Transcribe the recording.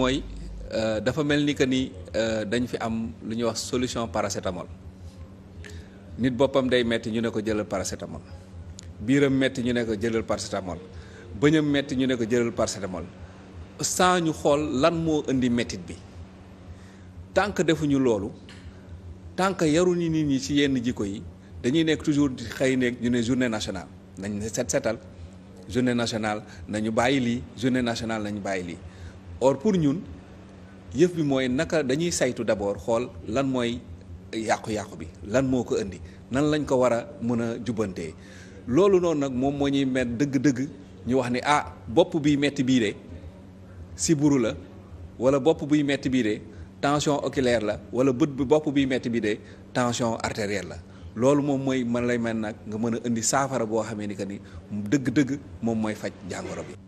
mooy euh, dafa mel ni que ni euh, dañ fi am lu ñuy wax solution paracétamol nit boppam day metti ñu ne ko jëlal paracétamol biiram metti ñu ne ko jëlal paracétamol bëñam metti ñu ne ko jëlal paracétamol sans ñu xool lan moo indi mettit bi tant que defuñu loolu tant que yaruñu nit ñi ci yenn jikko yi dañuy nekk toujours xëy nekk ñu ne journée nationale nañ ne set setal journée nationale nañu bàyyi lii journée nationale nañu bàyyi lii or pour ñun yëf bi mooy naka dañuy saytu d'abord xool lan mooy yàqu-yàqu bi lan moo ko indi nan lañ ko war a mën a jubbantee loolu noonu nag moom moo ñuy met dëgg-dëgg ñu wax ni ah bopp biy metti bii de siburu la wala bopp buy metti bii de oculaire la wala bët bopp biy metti bii de tension artérielle la loolu moom mooy man lay mel nag nga mën a indi saafara boo xamee ni que ni dëgg-dëgg moom mooy faj jàngoro bi